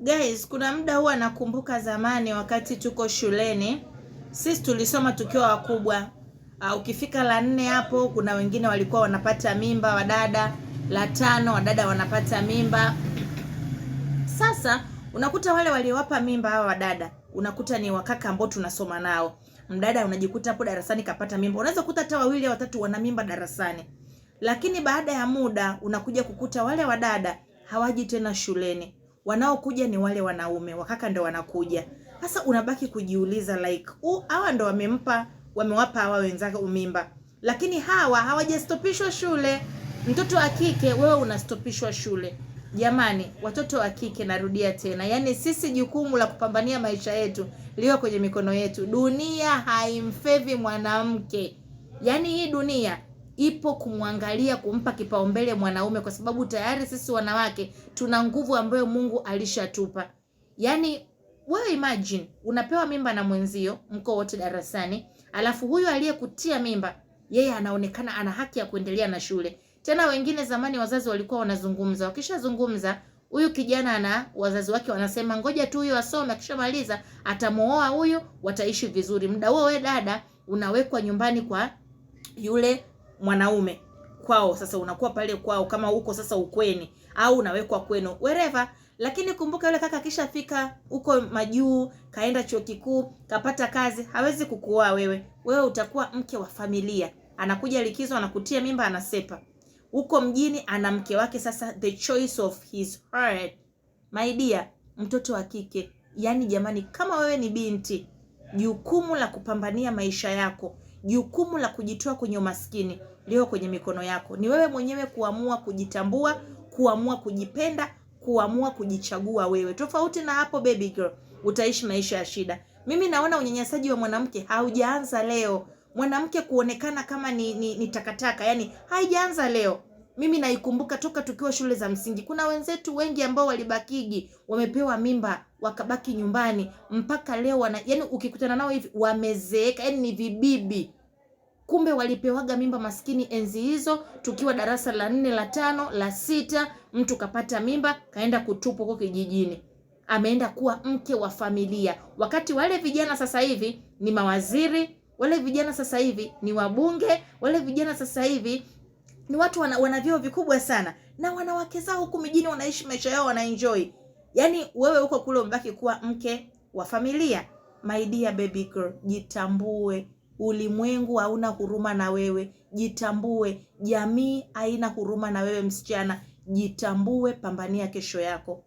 Guys, kuna muda huwa nakumbuka zamani wakati tuko shuleni, sisi tulisoma tukiwa wakubwa. Uh, ukifika la nne hapo kuna wengine walikuwa wanapata mimba wadada, la tano wadada wanapata mimba. Sasa unakuta wale waliowapa mimba hawa wadada unakuta ni wakaka ambao tunasoma nao. Mdada unajikuta hapo darasani kapata mimba, unaweza kukuta hata wawili au watatu wana mimba darasani, lakini baada ya muda unakuja kukuta wale wadada hawaji tena shuleni wanaokuja ni wale wanaume, wakaka ndo wanakuja. Sasa unabaki kujiuliza like hawa ndo wamempa wamewapa hawa wenzake umimba, lakini hawa hawajastopishwa shule. Mtoto wa kike wewe unastopishwa shule. Jamani, watoto wa kike, narudia tena, yaani sisi jukumu la kupambania maisha yetu liwe kwenye mikono yetu. Dunia haimfevi mwanamke, yaani hii dunia ipo kumwangalia, kumpa kipaumbele mwanaume, kwa sababu tayari sisi wanawake tuna nguvu ambayo Mungu alishatupa. Yaani wewe imagine unapewa mimba na mwenzio, mko wote darasani, alafu huyu aliyekutia mimba yeye anaonekana ana haki ya kuendelea na shule. Tena wengine zamani wazazi walikuwa wanazungumza, wakishazungumza huyu kijana na wazazi wake wanasema ngoja tu huyo asome, akishamaliza atamuoa huyu, wataishi vizuri. Muda huo we dada unawekwa nyumbani kwa yule mwanaume kwao, sasa unakuwa pale kwao, kama uko sasa ukweni au unawekwa kwenu wereva. Lakini kumbuka yule kaka akishafika huko majuu, kaenda chuo kikuu, kapata kazi, hawezi kukuoa wewe. Wewe utakuwa mke wa familia. Anakuja likizo, anakutia mimba, anasepa huko mjini, ana mke wake. Sasa the choice of his heart. My dear, mtoto wa kike, Yani jamani, kama wewe ni binti, jukumu la kupambania maisha yako Jukumu la kujitoa kwenye umaskini leo kwenye mikono yako. Ni wewe mwenyewe kuamua kujitambua, kuamua kujipenda, kuamua kujichagua wewe. Tofauti na hapo, baby girl, utaishi maisha ya shida. Mimi naona unyanyasaji wa mwanamke haujaanza leo. Mwanamke kuonekana kama ni, ni, ni takataka, yani haijaanza leo. Mimi naikumbuka toka tukiwa shule za msingi, kuna wenzetu wengi ambao walibakigi, wamepewa mimba wakabaki nyumbani mpaka leo wana, yani ukikutana nao hivi wamezeeka, yani ni vibibi Kumbe walipewaga mimba maskini enzi hizo, tukiwa darasa la nne, la tano, la sita, mtu kapata mimba kaenda kutupwa huko kijijini, ameenda kuwa mke wa familia. Wakati wale vijana sasa hivi ni mawaziri, wale vijana sasa hivi ni wabunge, wale vijana sasa hivi ni watu wana, wana vyeo vikubwa sana, na wanawake zao huku mijini wanaishi maisha yao, wanaenjoy. Yaani wewe huko kule umebaki kuwa mke wa familia. My dear baby girl, jitambue. Ulimwengu hauna huruma na wewe, jitambue. Jamii haina huruma na wewe msichana, jitambue, pambania kesho yako.